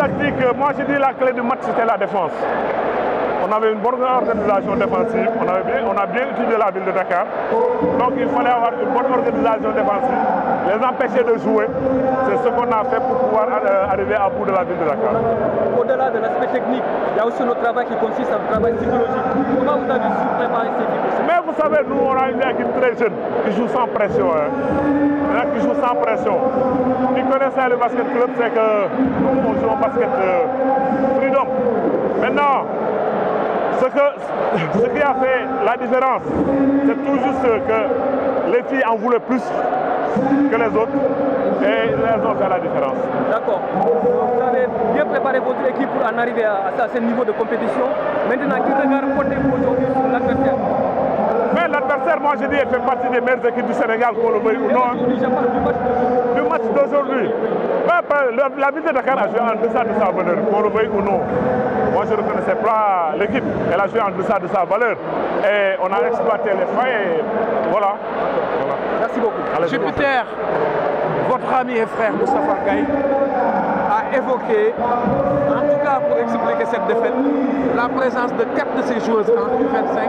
tactique, moi je dis la clé du match, c'était la défense. On avait une bonne organisation défensive, on, avait bien, on a bien utilisé la ville de Dakar. Donc il fallait avoir une bonne organisation défensive, les empêcher de jouer. C'est ce qu'on a fait pour pouvoir euh, arriver à bout de la ville de Dakar. au de l'aspect technique, il y a aussi notre travail qui consiste en travail psychologique. Comment vous savez, nous on a une équipe jeune qui joue sans pression. Hein. sans pression. Tu connaissais le basket club, c'est que nous, on basket euh, freedom. Maintenant, ce, ce qui a fait la différence, c'est tout juste que les filles en voulaient plus que les autres et les autres à la différence. D'accord. Vous avez bien préparé votre équipe pour en arriver à, ce niveau de compétition. Maintenant, qui regarde portez-vous aujourd'hui sur l'adversaire sincèrement, je dis, elle fait partie des meilleures du Sénégal, qu'on ou non. Le match d'aujourd'hui, la de Dakar a joué de sa valeur, qu'on ou non. Moi, je ne reconnaissais pas Elle a joué en de sa valeur. on a exploité les failles. Jupiter, votre ami et frère Moustapha Gaye a évoqué, en pour expliquer cette défaite, la présence de quatre de ses joueuses en U25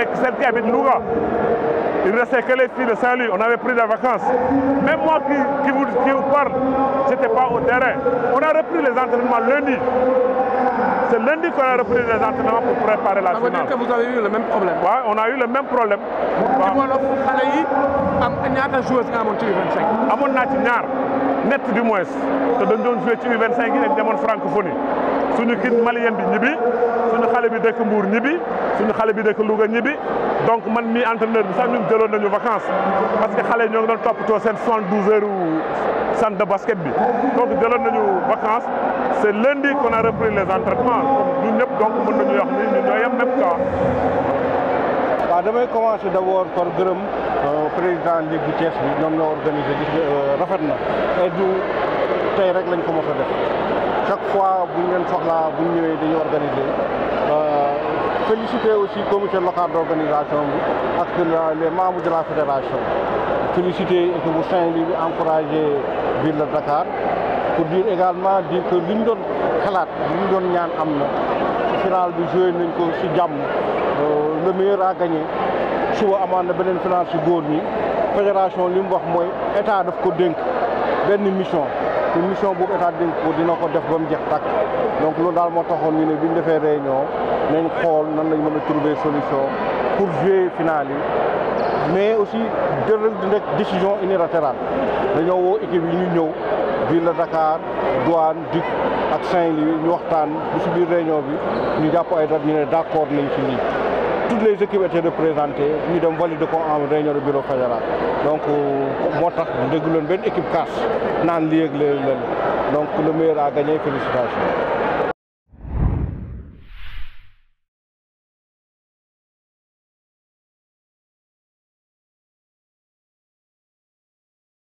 et celles qui habitent Louga. Il ne restait que les filles de Saint-Louis, on avait pris des vacances. Même moi qui, vous, parle, je pas au terrain. On a repris les entraînements lundi. C'est lundi qu'on a repris les entraînements pour préparer la Ça finale. Ça veut dire que vous avez eu on a eu le même problème. Bon. Bon. net du moins te dañ doon joué ci U25 yi dañ demoon francophonie suñu kit malien bi ñibbi suñu xale bi dëkk Mbour ñibbi suñu xale bi dëkk Louga ñibbi donc man mii entraîneur bi sax ñun jëloon nañu vacance parce que xale ñoo ngi doon toppatoo seen soixante-douze heures centre de basket bi donc jëloon nañu vacance c'est lundi qu'on a repris les entraînements ñun ñëpp donc mën nañu wax ni ñun ñoo yem même cas. waaw damay commencer d'abord par gërëm. Euh, président Ligue bu Thiès bi ñoom la organisé gis euh, rafet na et tey rek lañ ko mos a def chaque fois bu ñu leen soxlaa bu ñu ñëwee dañu organisé euh, félicité aussi comité local d' organisation bi ak les membres de la fédération félicité équipe bu Saint-Louis bi encouragé ville de Dakar pour dire également dire que li ñu doon xalaat li ñu doon ñaan am na final bi joué nañ ko si jàmm le meilleur a gagné suba amaan na beneen finance yu góor ñi fédération li mu wax mooy état daf ko dénk benn mission te mission bu état dénk ko dina ko def ba mu jeex tàkk donc loolu daal moo taxoon ñu ne bi ñu defee réunion nañ xool nan lañ mën a trouver solution pour jouer finale yi mais aussi dërël di nekk décision unilatérale dañoo woo équipe yi ñu ñëw ville de Dakar douane DIC ak Saint-Louis ñu waxtaan bu si biir réunion bi ñu jàpp ay date ñu ne d'accord nañ ci lii toutes les équipes étaient représentées ñu dem valider ko en réunion de bureau fédéral donc moo tax dégguloon benn équipe casse naan lii ak léeg donc le meilleur a gagné félicitations.